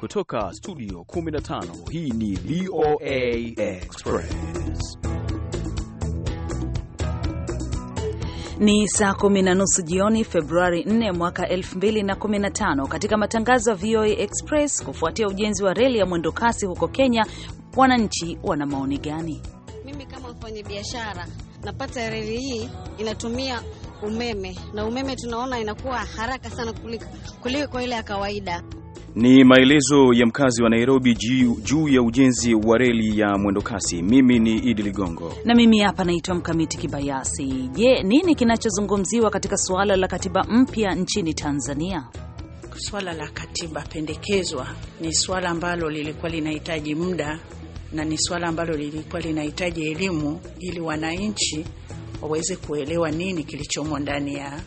Kutoka studio 15 hii ni VOA Express. Ni saa kumi na nusu jioni Februari 4 mwaka 2015. Katika matangazo ya VOA Express, kufuatia ujenzi wa reli ya mwendo kasi huko Kenya, wananchi wana maoni gani? Mimi kama mfanya biashara napata reli hii inatumia umeme na umeme tunaona inakuwa haraka sana kuliko ile ya kawaida. Ni maelezo ya mkazi wa Nairobi juu ya ujenzi wa reli ya mwendokasi. Mimi ni Idi Ligongo na mimi hapa naitwa Mkamiti Kibayasi. Je, nini kinachozungumziwa katika suala la katiba mpya nchini Tanzania? Suala la katiba pendekezwa ni suala ambalo lilikuwa linahitaji muda na ni suala ambalo lilikuwa linahitaji elimu ili wananchi waweze kuelewa nini kilichomo ndani ya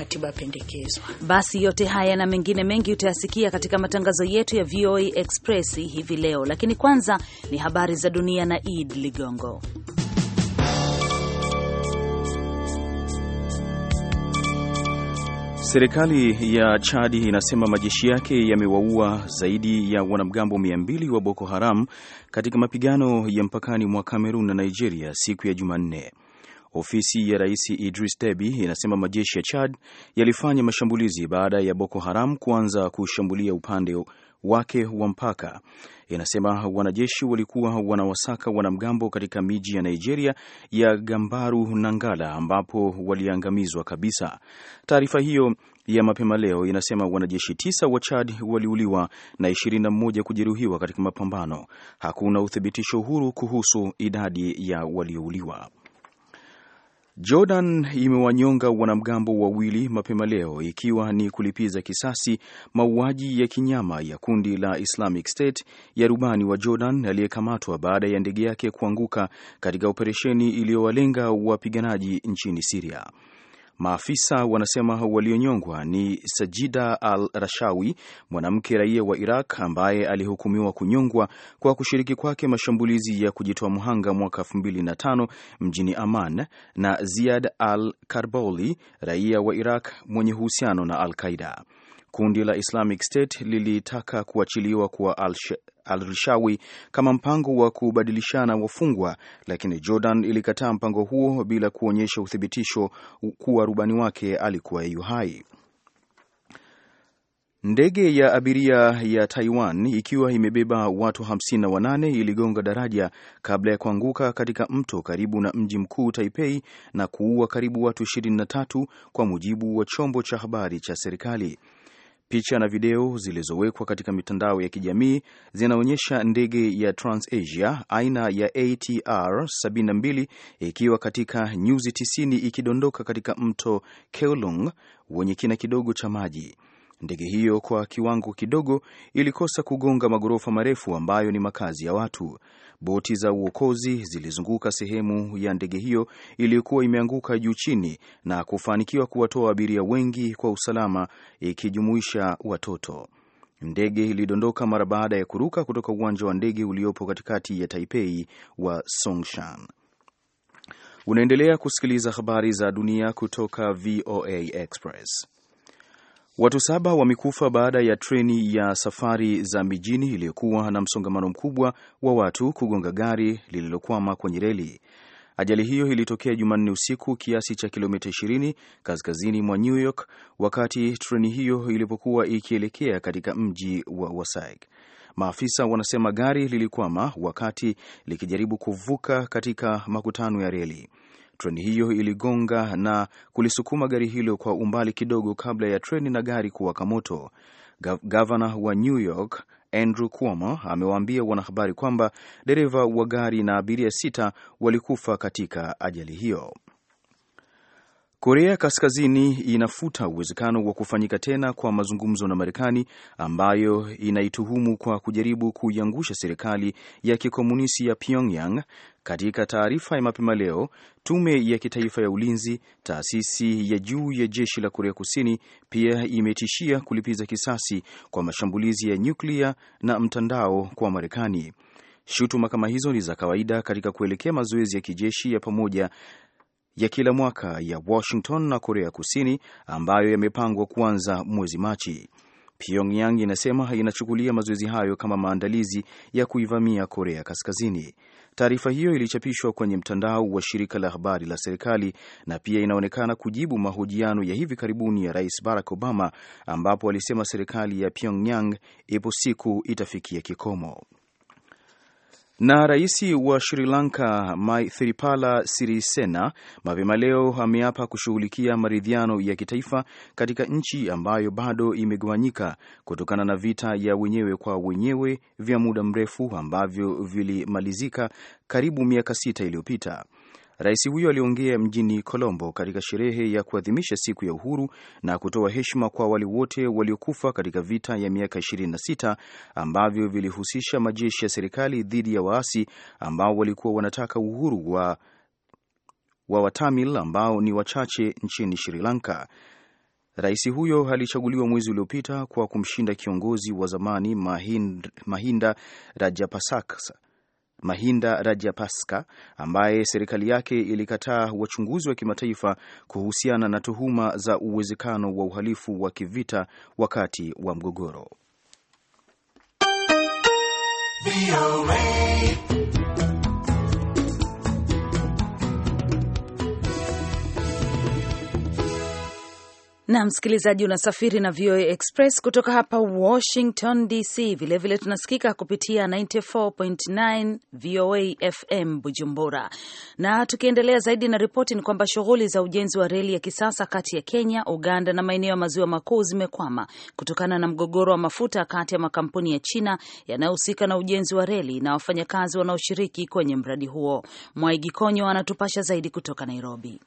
katiba pendekezwa. Basi yote haya na mengine mengi utayasikia katika matangazo yetu ya VOA Express hivi leo, lakini kwanza ni habari za dunia na Id Ligongo. Serikali ya Chadi inasema majeshi yake yamewaua zaidi ya wanamgambo 200 wa Boko Haram katika mapigano ya mpakani mwa Kamerun na Nigeria siku ya Jumanne. Ofisi ya Rais Idris Deby inasema majeshi ya Chad yalifanya mashambulizi baada ya Boko Haram kuanza kushambulia upande wake wa mpaka. Inasema wanajeshi walikuwa wanawasaka wanamgambo katika miji ya Nigeria ya Gambaru na Ngala ambapo waliangamizwa kabisa. Taarifa hiyo ya mapema leo inasema wanajeshi tisa wa Chad waliuliwa na 21 kujeruhiwa katika mapambano. Hakuna uthibitisho huru kuhusu idadi ya waliouliwa. Jordan imewanyonga wanamgambo wawili mapema leo ikiwa ni kulipiza kisasi mauaji ya kinyama ya kundi la Islamic State ya rubani wa Jordan aliyekamatwa baada ya ndege yake kuanguka katika operesheni iliyowalenga wapiganaji nchini Siria. Maafisa wanasema walionyongwa ni Sajida al-Rashawi, mwanamke raia wa Iraq ambaye alihukumiwa kunyongwa kwa kushiriki kwake mashambulizi ya kujitoa mhanga mwaka 2005 mjini aman na Ziad al-Karboli, raia wa Iraq mwenye uhusiano na Al-Qaida. Kundi la Islamic State lilitaka kuachiliwa kwa al-Rishawi kama mpango wa kubadilishana wafungwa, lakini Jordan ilikataa mpango huo bila kuonyesha uthibitisho kuwa rubani wake alikuwa yu hai. Ndege ya abiria ya Taiwan ikiwa imebeba watu 58 iligonga daraja kabla ya kuanguka katika mto karibu na mji mkuu Taipei na kuua karibu watu 23 kwa mujibu wa chombo cha habari cha serikali. Picha na video zilizowekwa katika mitandao ya kijamii zinaonyesha ndege ya TransAsia aina ya ATR 72 ikiwa katika nyuzi 90 ikidondoka katika mto Keelung wenye kina kidogo cha maji. Ndege hiyo kwa kiwango kidogo ilikosa kugonga maghorofa marefu ambayo ni makazi ya watu. Boti za uokozi zilizunguka sehemu ya ndege hiyo iliyokuwa imeanguka juu chini na kufanikiwa kuwatoa abiria wengi kwa usalama ikijumuisha watoto. Ndege ilidondoka mara baada ya kuruka kutoka uwanja wa ndege uliopo katikati ya Taipei wa Songshan. Unaendelea kusikiliza habari za dunia kutoka VOA Express. Watu saba wamekufa baada ya treni ya safari za mijini iliyokuwa na msongamano mkubwa wa watu kugonga gari lililokwama kwenye reli. Ajali hiyo ilitokea Jumanne usiku kiasi cha kilomita 20 kaskazini mwa New York wakati treni hiyo ilipokuwa ikielekea katika mji wa Wasaik. Maafisa wanasema gari lilikwama wakati likijaribu kuvuka katika makutano ya reli. Treni hiyo iligonga na kulisukuma gari hilo kwa umbali kidogo kabla ya treni na gari kuwaka moto. Gavana wa New York Andrew Cuomo amewaambia wanahabari kwamba dereva wa gari na abiria sita walikufa katika ajali hiyo. Korea Kaskazini inafuta uwezekano wa kufanyika tena kwa mazungumzo na Marekani ambayo inaituhumu kwa kujaribu kuiangusha serikali ya kikomunisti ya Pyongyang. Katika taarifa ya mapema leo, tume ya kitaifa ya ulinzi, taasisi ya juu ya jeshi la Korea Kusini, pia imetishia kulipiza kisasi kwa mashambulizi ya nyuklia na mtandao kwa Marekani. Shutuma kama hizo ni za kawaida katika kuelekea mazoezi ya kijeshi ya pamoja ya kila mwaka ya Washington na Korea Kusini ambayo yamepangwa kuanza mwezi Machi. Pyongyang inasema inachukulia mazoezi hayo kama maandalizi ya kuivamia Korea Kaskazini. Taarifa hiyo ilichapishwa kwenye mtandao wa shirika la habari la serikali na pia inaonekana kujibu mahojiano ya hivi karibuni ya Rais Barack Obama ambapo alisema serikali ya Pyongyang ipo siku itafikia kikomo. Na rais wa Sri Lanka Maithripala Sirisena mapema leo ameapa kushughulikia maridhiano ya kitaifa katika nchi ambayo bado imegawanyika kutokana na vita ya wenyewe kwa wenyewe vya muda mrefu ambavyo vilimalizika karibu miaka sita iliyopita. Rais huyo aliongea mjini Colombo katika sherehe ya kuadhimisha siku ya uhuru na kutoa heshima kwa wale wote waliokufa katika vita ya miaka 26 ambavyo vilihusisha majeshi ya serikali dhidi ya waasi ambao walikuwa wanataka uhuru wa, wa Watamil ambao ni wachache nchini Sri Lanka. Rais huyo alichaguliwa mwezi uliopita kwa kumshinda kiongozi wa zamani Mahinda Rajapaksa Mahinda Rajapaksa ambaye serikali yake ilikataa wachunguzi wa kimataifa kuhusiana na tuhuma za uwezekano wa uhalifu wa kivita wakati wa mgogoro. na msikilizaji, unasafiri na VOA Express kutoka hapa Washington DC. Vilevile vile tunasikika kupitia 94.9 VOA FM Bujumbura. Na tukiendelea zaidi na ripoti, ni kwamba shughuli za ujenzi wa reli ya kisasa kati ya Kenya, Uganda na maeneo ya maziwa makuu zimekwama kutokana na mgogoro wa mafuta kati ya makampuni ya China yanayohusika na ujenzi wa reli na wafanyakazi wanaoshiriki kwenye mradi huo. Mwaigi Konyo anatupasha zaidi kutoka Nairobi.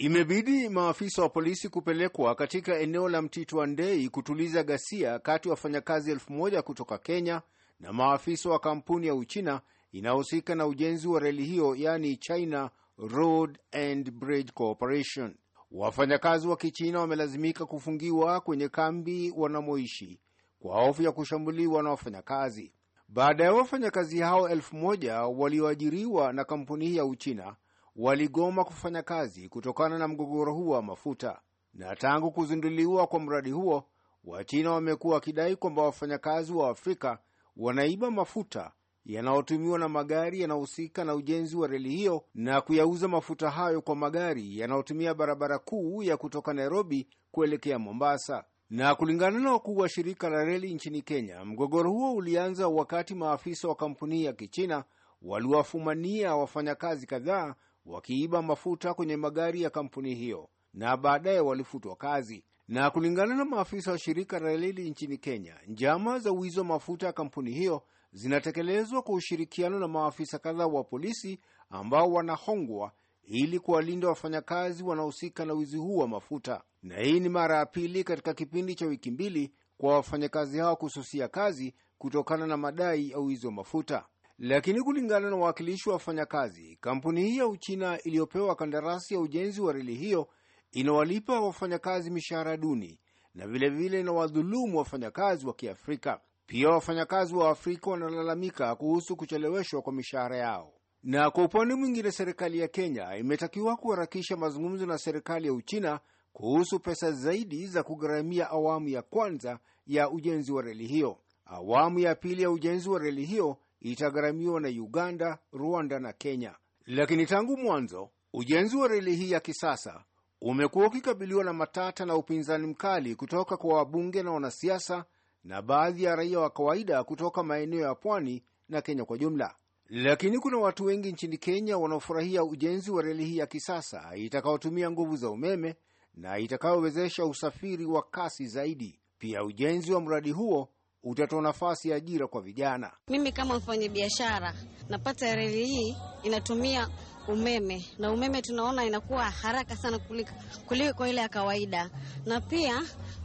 Imebidi maafisa wa polisi kupelekwa katika eneo la Mtito Ndei kutuliza ghasia kati ya wafanyakazi elfu moja kutoka Kenya na maafisa wa kampuni ya Uchina inayohusika na ujenzi wa reli hiyo, yaani China Road and Bridge Corporation. Wafanyakazi wa Kichina wamelazimika kufungiwa kwenye kambi wanamoishi kwa hofu ya kushambuliwa na wafanyakazi. Baada ya wafanyakazi hao elfu moja walioajiriwa na kampuni hii ya Uchina waligoma kufanya kazi kutokana na mgogoro huo wa mafuta. Na tangu kuzinduliwa kwa mradi huo, Wachina wamekuwa wakidai kwamba wafanyakazi wa Afrika wanaiba mafuta yanayotumiwa na magari yanayohusika na ujenzi wa reli hiyo na kuyauza mafuta hayo kwa magari yanayotumia barabara kuu ya kutoka Nairobi kuelekea Mombasa. Na kulingana na wakuu wa shirika la reli nchini Kenya, mgogoro huo ulianza wakati maafisa wa kampuni ya Kichina waliwafumania wafanyakazi kadhaa wakiiba mafuta kwenye magari ya kampuni hiyo na baadaye walifutwa kazi. Na kulingana na maafisa wa shirika la reli nchini Kenya, njama za wizi wa mafuta ya kampuni hiyo zinatekelezwa kwa ushirikiano na maafisa kadhaa wa polisi ambao wanahongwa ili kuwalinda wafanyakazi wanaohusika na wizi huu wa mafuta. Na hii ni mara ya pili katika kipindi cha wiki mbili kwa wafanyakazi hao kususia kazi kutokana na madai ya wizi wa mafuta. Lakini kulingana na wawakilishi wa wafanyakazi, kampuni hii ya Uchina iliyopewa kandarasi ya ujenzi wa reli hiyo inawalipa wafanyakazi mishahara duni na vilevile inawadhulumu wafanyakazi wa Kiafrika. Pia wafanyakazi wa Afrika wanalalamika kuhusu kucheleweshwa kwa mishahara yao. Na kwa upande mwingine, serikali ya Kenya imetakiwa kuharakisha mazungumzo na serikali ya Uchina kuhusu pesa zaidi za kugharamia awamu ya kwanza ya ujenzi wa reli hiyo. Awamu ya pili ya ujenzi wa reli hiyo itagharamiwa na Uganda, Rwanda na Kenya. Lakini tangu mwanzo ujenzi wa reli hii ya kisasa umekuwa ukikabiliwa na matata na upinzani mkali kutoka kwa wabunge na wanasiasa na baadhi ya raia wa kawaida kutoka maeneo ya pwani na Kenya kwa jumla. Lakini kuna watu wengi nchini Kenya wanaofurahia ujenzi wa reli hii ya kisasa itakayotumia nguvu za umeme na itakayowezesha usafiri wa kasi zaidi. Pia ujenzi wa mradi huo utatoa nafasi ya ajira kwa vijana. Mimi kama biashara napata reli hii inatumia umeme na umeme tunaona inakuwa haraka sana kuliko, kuliko ile ya kawaida, na pia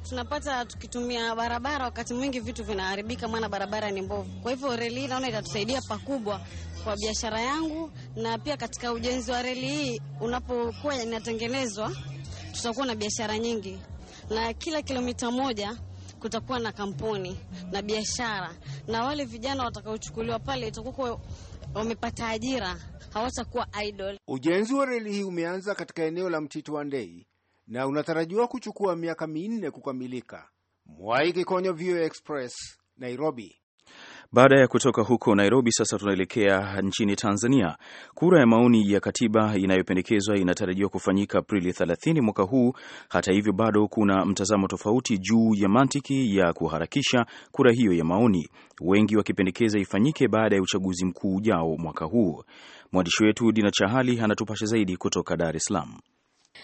tunapata tukitumia barabara, wakati mwingi vitu vinaharibika, maana barabara ni mbovu. Kwa hivyo reli hii naona itatusaidia pakubwa kwa biashara yangu, na pia katika ujenzi wa reli hii unapokuwa inatengenezwa, tutakuwa na biashara nyingi, na kila kilomita moja kutakuwa na kampuni na biashara, na wale vijana watakaochukuliwa pale itakuwa wamepata ajira, hawatakuwa idol. Ujenzi wa reli hii umeanza katika eneo la Mtito wa Ndei na unatarajiwa kuchukua miaka minne kukamilika. Mwai Kikonyo, VOA Express, Nairobi. Baada ya kutoka huko Nairobi, sasa tunaelekea nchini Tanzania. Kura ya maoni ya katiba inayopendekezwa inatarajiwa kufanyika Aprili 30 mwaka huu. Hata hivyo, bado kuna mtazamo tofauti juu ya mantiki ya kuharakisha kura hiyo ya maoni, wengi wakipendekeza ifanyike baada ya uchaguzi mkuu ujao mwaka huu. Mwandishi wetu Dina Chahali anatupasha zaidi kutoka Dar es Salaam.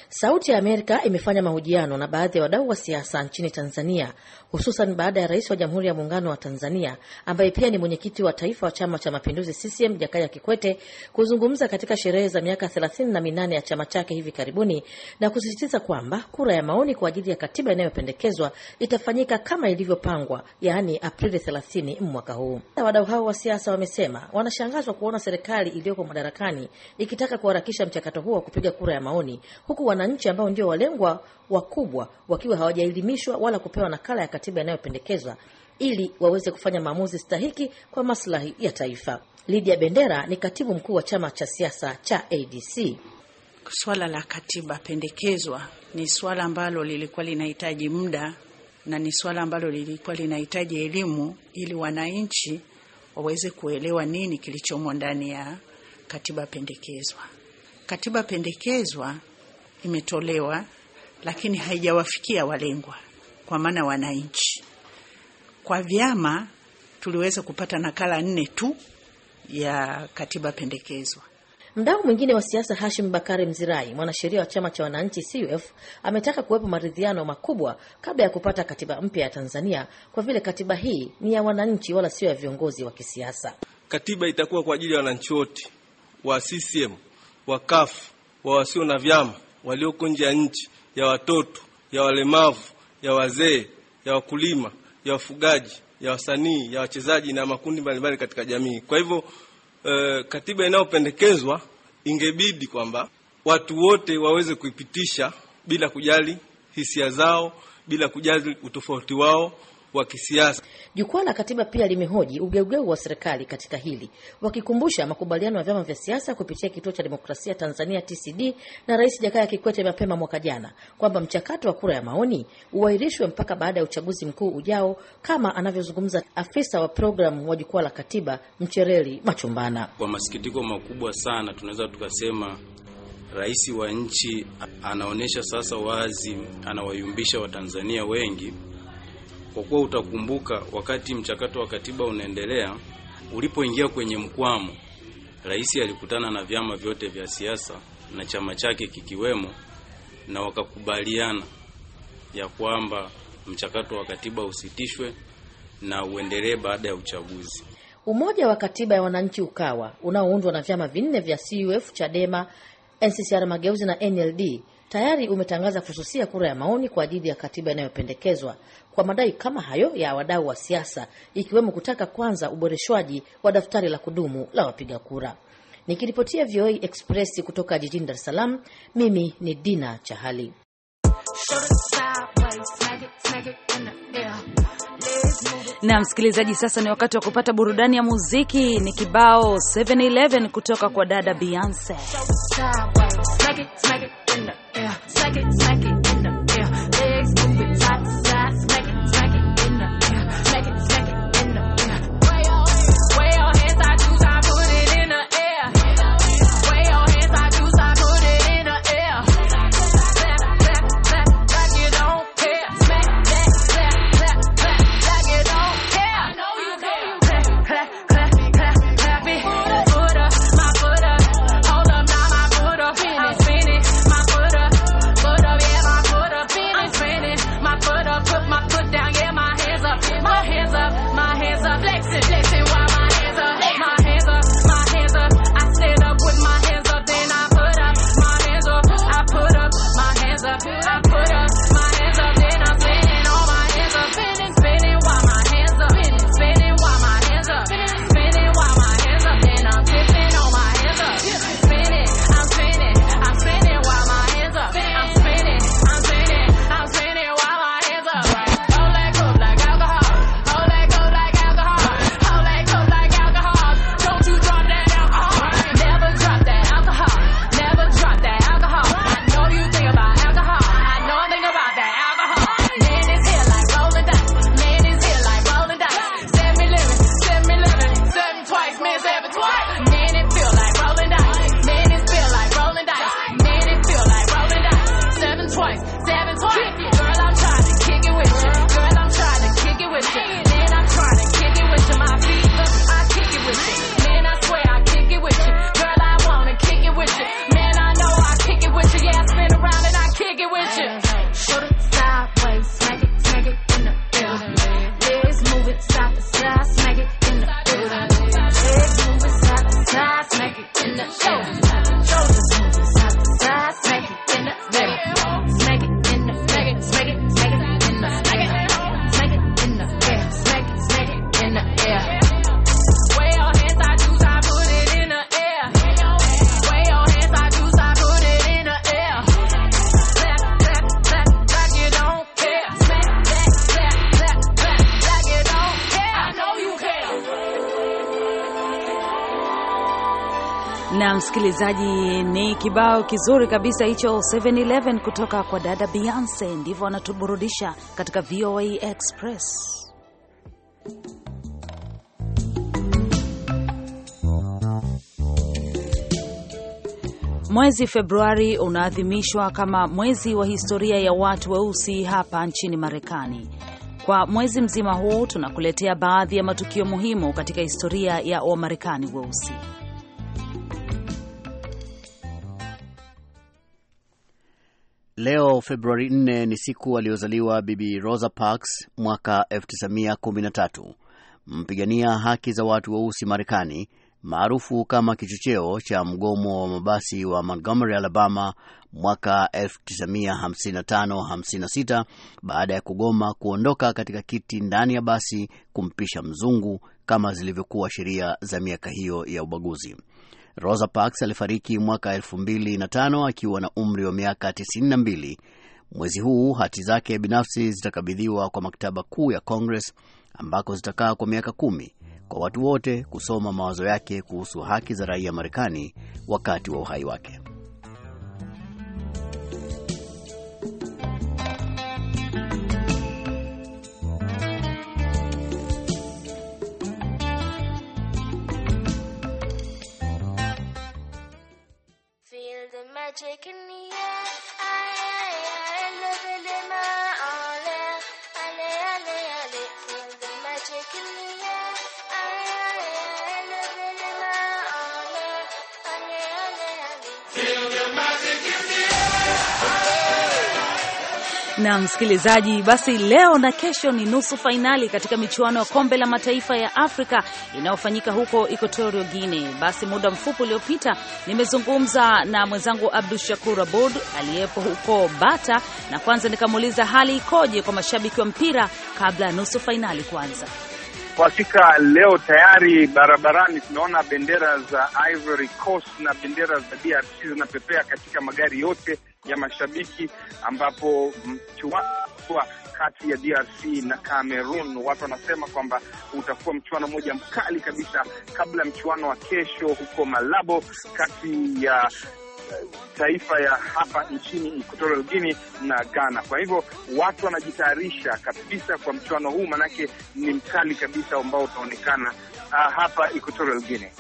Sauti ya Amerika imefanya mahojiano na baadhi ya wadau wa siasa nchini Tanzania, hususan baada ya Rais wa Jamhuri ya Muungano wa Tanzania ambaye pia ni mwenyekiti wa taifa wa Chama cha Mapinduzi CCM Jakaya Kikwete kuzungumza katika sherehe za miaka thelathini na minane ya chama chake hivi karibuni, na kusisitiza kwamba kura ya maoni kwa ajili ya katiba inayopendekezwa itafanyika kama ilivyopangwa, yaani Aprili 30 mwaka huu. Wadau hao wa siasa wamesema wanashangazwa kuona serikali iliyoko madarakani ikitaka kuharakisha mchakato huo wa kupiga kura ya maoni huku huku wananchi ambao ndio walengwa wakubwa wakiwa hawajaelimishwa wala kupewa nakala ya katiba inayopendekezwa ili waweze kufanya maamuzi stahiki kwa maslahi ya taifa. Lydia Bendera ni katibu mkuu wa chama cha siasa cha ADC. Swala la katiba pendekezwa ni swala ambalo lilikuwa linahitaji muda na ni swala ambalo lilikuwa linahitaji elimu ili wananchi waweze kuelewa nini kilichomo ndani ya katiba pendekezwa. Katiba pendekezwa imetolewa, lakini haijawafikia walengwa, kwa maana wananchi. Kwa vyama tuliweza kupata nakala nne tu ya katiba pendekezwa. Mdau mwingine wa siasa Hashim Bakari Mzirai, mwanasheria wa chama cha wananchi CUF, ametaka kuwepo maridhiano makubwa kabla ya kupata katiba mpya ya Tanzania, kwa vile katiba hii ni ya wananchi wala sio ya viongozi wa kisiasa. Katiba itakuwa kwa ajili ya wananchi wote wa CCM, wa CUF, wa wasio na vyama walioko nje ya nchi, ya watoto, ya walemavu, ya wazee, ya wakulima, ya wafugaji, ya wasanii, ya wachezaji na makundi mbalimbali katika jamii. Kwa hivyo e, katiba inayopendekezwa ingebidi kwamba watu wote waweze kuipitisha bila kujali hisia zao, bila kujali utofauti wao wa kisiasa. Jukwaa la Katiba pia limehoji ugeugeu wa serikali katika hili, wakikumbusha makubaliano ya vyama vya siasa kupitia Kituo cha Demokrasia Tanzania TCD na Rais Jakaya Kikwete mapema mwaka jana kwamba mchakato wa kura ya maoni uahirishwe mpaka baada ya uchaguzi mkuu ujao, kama anavyozungumza afisa wa programu wa Jukwaa la Katiba Mchereli Machumbana. Kwa masikitiko makubwa sana tunaweza tukasema rais wa nchi anaonyesha sasa wazi, anawayumbisha Watanzania wengi kwa kuwa utakumbuka wakati mchakato wa katiba unaendelea, ulipoingia kwenye mkwamo, rais alikutana na vyama vyote vya siasa na chama chake kikiwemo, na wakakubaliana ya kwamba mchakato wa katiba usitishwe na uendelee baada ya uchaguzi. Umoja wa Katiba ya Wananchi Ukawa unaoundwa na vyama vinne vya CUF, Chadema, NCCR Mageuzi na NLD tayari umetangaza kususia kura ya maoni kwa ajili ya katiba inayopendekezwa kwa madai kama hayo ya wadau wa siasa, ikiwemo kutaka kwanza uboreshwaji wa daftari la kudumu la wapiga kura. Nikiripotia VOA Express kutoka jijini Dar es Salaam, mimi ni Dina Chahali. Na msikilizaji, sasa ni wakati wa kupata burudani ya muziki. Ni kibao 711 kutoka kwa dada Beyonce. msikilizaji, ni kibao kizuri kabisa hicho 711 kutoka kwa dada Beyonce. Ndivyo anatuburudisha katika VOA Express. Mwezi Februari unaadhimishwa kama mwezi wa historia ya watu weusi hapa nchini Marekani. Kwa mwezi mzima huu tunakuletea baadhi ya matukio muhimu katika historia ya Wamarekani weusi wa Leo Februari 4 ni siku aliyozaliwa Bibi Rosa Parks mwaka 1913, mpigania haki za watu weusi wa Marekani, maarufu kama kichocheo cha mgomo wa mabasi wa Montgomery, Alabama mwaka 1955-56 baada ya kugoma kuondoka katika kiti ndani ya basi kumpisha mzungu kama zilivyokuwa sheria za miaka hiyo ya ubaguzi. Rosa Parks alifariki mwaka 2005 akiwa na umri wa miaka 92. Mwezi huu hati zake binafsi zitakabidhiwa kwa maktaba kuu ya Congress ambako zitakaa kwa miaka kumi kwa watu wote kusoma mawazo yake kuhusu haki za raia Marekani wakati wa uhai wake. magic in the air. na msikilizaji, basi leo na kesho ni nusu fainali katika michuano ya kombe la mataifa ya Afrika inayofanyika huko Equatorial Guinea. Basi muda mfupi uliopita nimezungumza na mwenzangu Abdu Shakur Abud aliyepo huko Bata, na kwanza nikamuuliza hali ikoje kwa mashabiki wa mpira kabla ya nusu fainali kuanza. Kwa hakika leo tayari barabarani tunaona bendera za Ivory Coast na bendera za DRC zinapepea katika magari yote ya mashabiki, ambapo mchuano kati ya DRC na Cameroon, watu wanasema kwamba utakuwa mchuano mmoja mkali kabisa, kabla mchuano wa kesho huko Malabo kati ya eh, taifa ya hapa nchini Equatorial Guinea na Ghana. Kwa hivyo watu wanajitayarisha kabisa kwa mchuano huu, manake ni mkali kabisa ambao utaonekana ah, hapa Equatorial Guinea.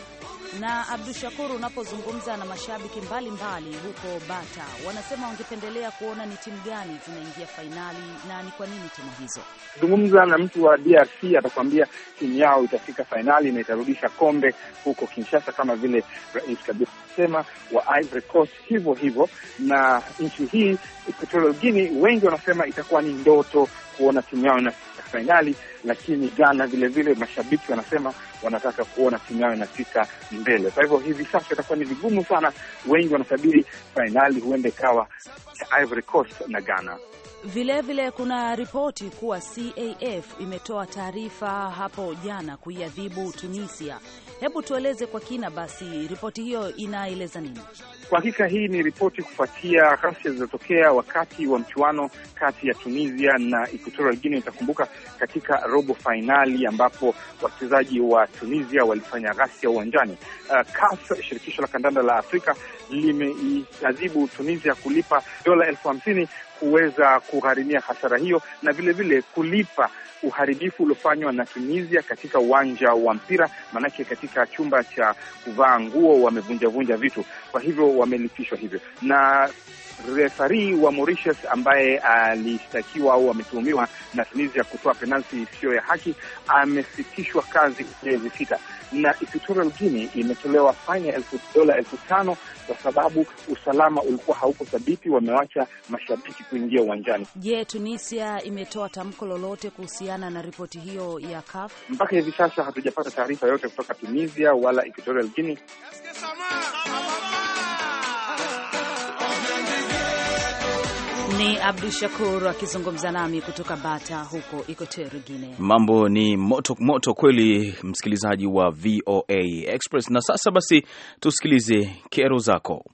Na Abdu Shakur, unapozungumza na mashabiki mbalimbali mbali huko Bata, wanasema wangependelea kuona ni timu gani zinaingia fainali na ni kwa nini timu hizo. Zungumza na mtu wa DRC atakuambia timu yao itafika fainali na itarudisha kombe huko Kinshasa, kama vile Rais Kabila sema wa Ivory Coast hivyo hivyo. Na nchi hii Equatorial Guinea, wengi wanasema itakuwa ni ndoto kuona timu yao fainali, lakini Ghana vilevile, mashabiki wanasema wanataka kuona timu yao inafika mbele. Kwa hivyo hivi sasa itakuwa ni vigumu sana, wengi wanatabiri fainali huenda ikawa Ivory Coast na Ghana. Vilevile vile kuna ripoti kuwa CAF imetoa taarifa hapo jana kuiadhibu Tunisia Hebu tueleze kwa kina basi, ripoti hiyo inaeleza nini? Kwa hakika hii ni ripoti kufuatia ghasia zilizotokea wakati wa mchuano kati ya Tunisia na Equatorial Guinea. Itakumbuka katika robo fainali ambapo wachezaji wa Tunisia walifanya ghasia uwanjani. Uh, CAF shirikisho la kandanda la Afrika limeiadhibu Tunisia kulipa dola elfu hamsini kuweza kugharimia hasara hiyo na vilevile vile kulipa uharibifu uliofanywa na Tunisia katika uwanja wa mpira, maanake katika chumba cha kuvaa nguo wamevunjavunja vitu, kwa hivyo wamelipishwa hivyo na refari wa Mauritius ambaye alishtakiwa au ametuhumiwa na Tunisia kutoa penalti isiyo ya haki amesitishwa kazi miezi sita, na Equatorial Guinea imetolewa faini ya dola elfu tano kwa sababu usalama ulikuwa hauko thabiti. Wamewacha mashabiki kuingia uwanjani. Je, Tunisia imetoa tamko lolote kuhusiana na ripoti hiyo ya CAF? Mpaka hivi sasa hatujapata taarifa yoyote kutoka Tunisia wala Equatorial Guinea. Ni Abdu Shakur akizungumza nami kutoka Bata huko Equateur Gine. Mambo ni moto moto kweli, msikilizaji wa VOA Express. Na sasa basi tusikilize kero zako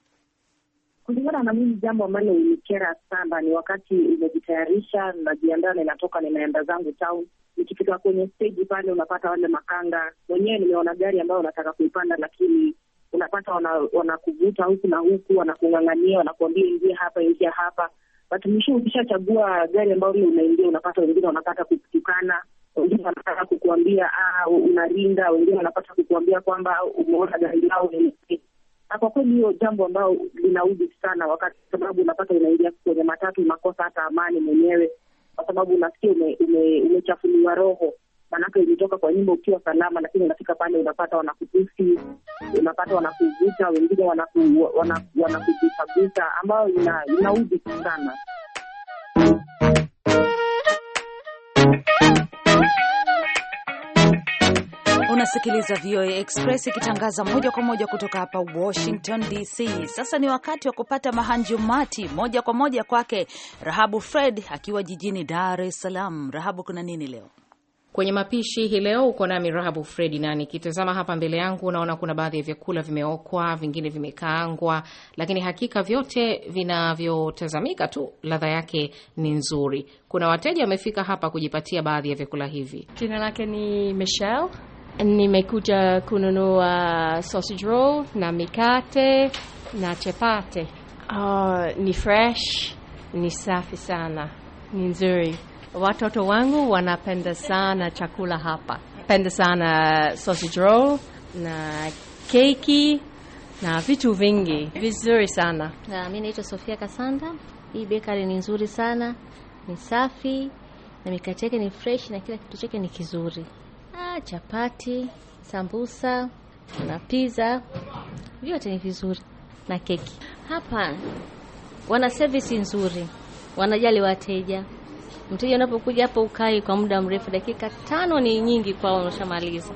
kulingana na mimi, jambo ambalo ilikera sana ni wakati imejitayarisha, najiandaa, ninatoka, ninaenda zangu town. Nikifika kwenye steji pale, unapata wale makanga wenyewe. Nimeona gari ambayo unataka kuipanda, lakini unapata wanakuvuta wana huku na huku, wanakung'ang'ania, wanakuambia ingia hapa, ingia hapa, batumishi. Ukishachagua gari ambayo ile unaingia, unapata wengine wanapata kukutukana wengine wanataka kukuambia ah, unarinda. Wengine wanapata kukuambia kwamba umeona gari lao na kwa kweli hiyo jambo ambayo linaudhi sana, wakati sababu unapata unaingia kwenye matatu unakosa hata amani mwenyewe, kwa sababu unasikia umechafuliwa ume, ume roho maanake ulitoka kwa nyumba ukiwa salama, lakini unafika pale unapata wanakutusi, unapata wanakuvuta, wengine wanakugusagusa ambayo inaudhi sana. Unasikiliza VOA Express ikitangaza moja kwa moja kutoka hapa Washington DC. Sasa ni wakati wa kupata mahanjumati moja kwa moja kwake Rahabu Fred akiwa jijini Dar es Salaam. Rahabu, kuna nini leo kwenye mapishi hii leo? Uko nami Rahabu Fredi, na nikitazama hapa mbele yangu unaona kuna baadhi ya vyakula vimeokwa, vingine vimekaangwa, lakini hakika vyote vinavyotazamika tu ladha yake ni nzuri. Kuna wateja wamefika hapa kujipatia baadhi ya vyakula hivi. Jina lake ni Michelle Nimekuja kununua uh, sausage roll na mikate na chapati. Uh, ni fresh, ni safi sana, ni nzuri. Watoto wangu wanapenda sana chakula hapa, penda sana sausage roll na keki na vitu vingi vizuri sana. Na mimi naitwa Sofia Kasanda. Hii bakery ni nzuri sana, ni safi na mikate yake ni fresh na kila kitu chake ni kizuri. Ah, chapati, sambusa na pizza vyote ni vizuri na keki. Hapa wana service nzuri, wanajali wateja. Mteja unapokuja hapo ukai kwa muda mrefu, dakika tano ni nyingi kwao, unashamaliza.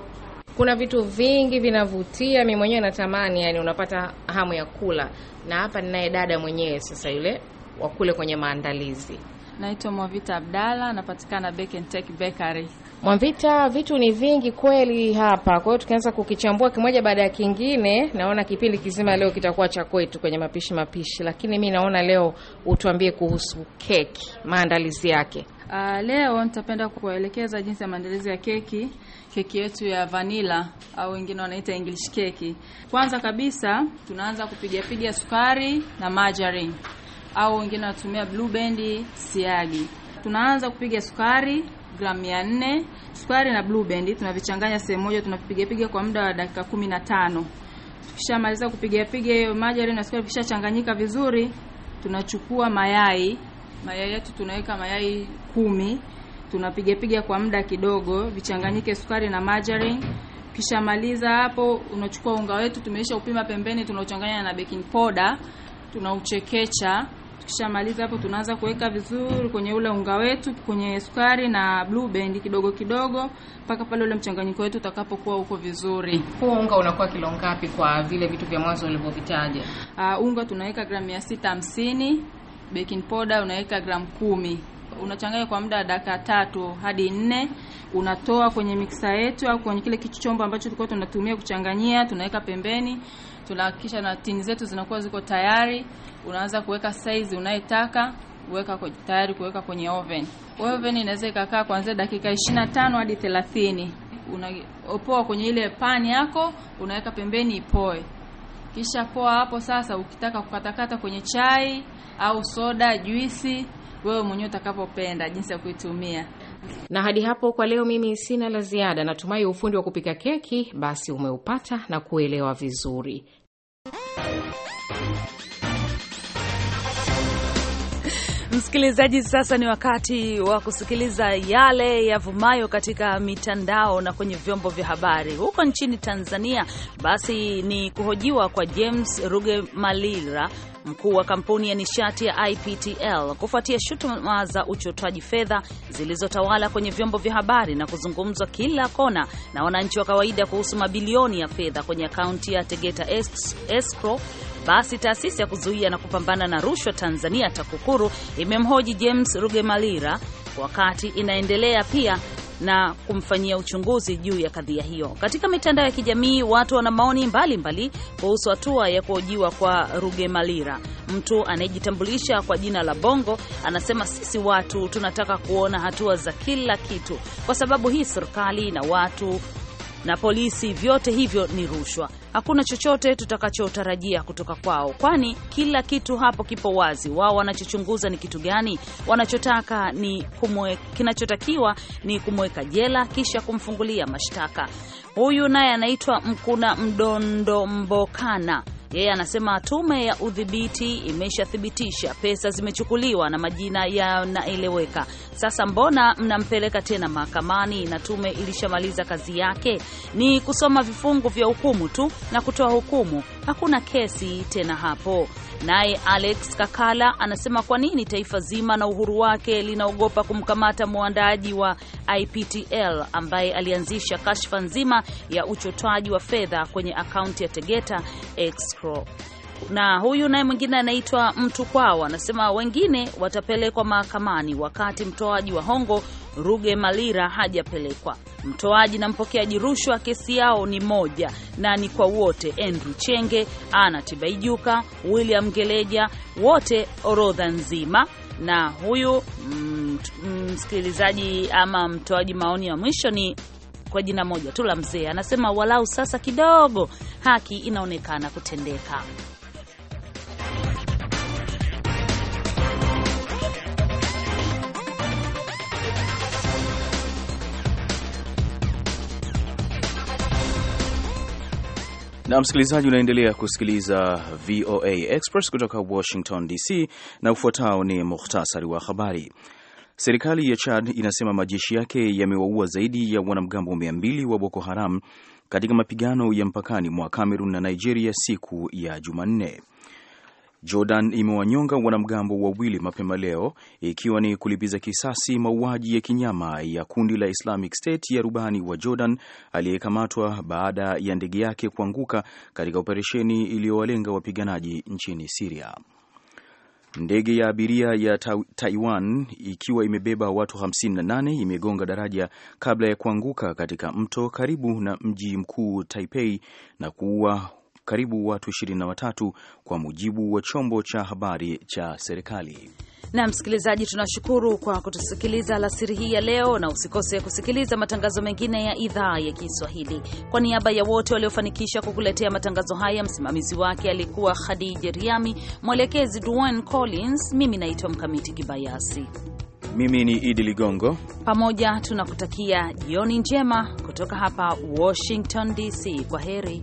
Kuna vitu vingi vinavutia, mi mwenyewe natamani, yani unapata hamu ya kula. Na hapa ninaye dada mwenyewe sasa, yule wa kule kwenye maandalizi. Naitwa Mwavita Abdalla, napatikana Bake and Take Bakery. Mwambita, vitu ni vingi kweli hapa. Kwa hiyo tukianza kukichambua kimoja baada ya kingine, naona kipindi kizima leo kitakuwa cha kwetu kwenye mapishi mapishi, lakini mi naona leo utuambie kuhusu keki, maandalizi yake. Uh, leo nitapenda kuwaelekeza jinsi ya maandalizi ya keki, keki yetu ya vanila au wengine wanaita English keki. Kwanza kabisa tunaanza kupigapiga sukari na margarine au wengine wanatumia blue band siagi. Tunaanza kupiga sukari gramu nne Sukari na Blue Band tunavichanganya sehemu moja, tunapiga piga kwa muda wa dakika tano. Tukishamaliza kupiga piga hiyo margarine na sukari vikishachanganyika vizuri, tunachukua mayai. Mayai yetu tunaweka mayai kumi, tunapiga piga kwa muda kidogo vichanganyike sukari na margarine. Kishamaliza hapo, unachukua unga wetu tumeisha upima pembeni, tunauchanganya na baking powder, tunauchekecha Tukishamaliza hapo, tunaanza kuweka vizuri kwenye ule unga wetu, kwenye sukari na blue band kidogo kidogo, mpaka pale ule mchanganyiko wetu utakapokuwa uko vizuri. Huo unga unakuwa kilo ngapi kwa vile vitu vya mwanzo ulivyovitaja? Uh, unga tunaweka gramu 650, baking powder unaweka gramu kumi, unachanganya kwa muda wa dakika tatu hadi nne unatoa kwenye miksa yetu au kwenye kile kichombo ambacho tulikuwa tunatumia kuchanganyia, tunaweka pembeni, tunahakikisha na tini zetu zinakuwa ziko tayari. Unaanza kuweka size unayetaka weka kwa tayari kuweka kwenye oven. Oven inaweza ikakaa kuanzia dakika 25 hadi 30. Unapoa kwenye ile pani yako, unaweka pembeni ipoe. Kisha poa hapo sasa, ukitaka kukatakata kwenye chai au soda, juisi, wewe mwenyewe utakapopenda jinsi ya kuitumia. Na hadi hapo kwa leo, mimi sina la ziada. Natumai ufundi wa kupika keki basi umeupata na kuelewa vizuri. Msikilizaji, sasa ni wakati wa kusikiliza yale yavumayo katika mitandao na kwenye vyombo vya habari. Huko nchini Tanzania, basi ni kuhojiwa kwa James Rugemalira, mkuu wa kampuni ya nishati ya IPTL kufuatia shutuma za uchotaji fedha zilizotawala kwenye vyombo vya habari na kuzungumzwa kila kona na wananchi wa kawaida kuhusu mabilioni ya fedha kwenye akaunti ya Tegeta Escrow basi taasisi ya kuzuia na kupambana na rushwa Tanzania, TAKUKURU, imemhoji James Rugemalira wakati inaendelea pia na kumfanyia uchunguzi juu ya kadhia hiyo. Katika mitandao ya kijamii, watu wana maoni mbalimbali kuhusu hatua ya kuhojiwa kwa Rugemalira. Mtu anayejitambulisha kwa jina la Bongo anasema sisi watu tunataka kuona hatua za kila kitu, kwa sababu hii serikali na watu na polisi, vyote hivyo ni rushwa. Hakuna chochote tutakachotarajia kutoka kwao, kwani kila kitu hapo kipo wazi. Wao wanachochunguza ni kitu gani? Wanachotaka ni kumwe, kinachotakiwa ni kumweka jela kisha kumfungulia mashtaka. Huyu naye anaitwa Mkuna Mdondo Mbokana yeye anasema tume ya udhibiti imeshathibitisha pesa zimechukuliwa na majina yanaeleweka. Sasa mbona mnampeleka tena mahakamani na tume ilishamaliza kazi yake? Ni kusoma vifungu vya hukumu tu na kutoa hukumu, hakuna kesi tena hapo. Naye Alex Kakala anasema kwa nini taifa zima na uhuru wake linaogopa kumkamata mwandaaji wa IPTL ambaye alianzisha kashfa nzima ya uchotwaji wa fedha kwenye akaunti ya Tegeta Escrow na huyu naye mwingine anaitwa mtu kwao anasema wengine watapelekwa mahakamani, wakati mtoaji wa hongo Ruge Malira hajapelekwa. Mtoaji na mpokeaji rushwa kesi yao ni moja na ni kwa wote. Andrew Chenge, Ana Tibaijuka, William Geleja, wote orodha nzima. Na huyu mm, mm, msikilizaji ama mtoaji maoni ya mwisho ni kwa jina moja tu la mzee, anasema walau sasa kidogo haki inaonekana kutendeka. na msikilizaji, unaendelea kusikiliza VOA Express kutoka Washington DC, na ufuatao ni muhtasari wa habari. Serikali ya Chad inasema majeshi yake yamewaua zaidi ya wanamgambo mia mbili wa Boko Haram katika mapigano ya mpakani mwa Cameroon na Nigeria siku ya Jumanne. Jordan imewanyonga wanamgambo wawili mapema leo, ikiwa ni kulipiza kisasi mauaji ya kinyama ya kundi la Islamic State ya rubani wa Jordan aliyekamatwa baada ya ndege yake kuanguka katika operesheni iliyowalenga wapiganaji nchini Siria. Ndege ya abiria ya Taiwan ikiwa imebeba watu 58 imegonga daraja kabla ya kuanguka katika mto karibu na mji mkuu Taipei na kuua karibu watu 23 kwa mujibu wa chombo cha habari cha serikali. Na msikilizaji, tunashukuru kwa kutusikiliza alasiri hii ya leo, na usikose kusikiliza matangazo mengine ya idhaa ya Kiswahili. Kwa niaba ya wote waliofanikisha kukuletea matangazo haya, msimamizi wake alikuwa Khadija Riami, mwelekezi Duane Collins, mimi naitwa Mkamiti Kibayasi, mimi ni Idi Ligongo. Pamoja tunakutakia jioni njema kutoka hapa Washington DC. Kwa heri.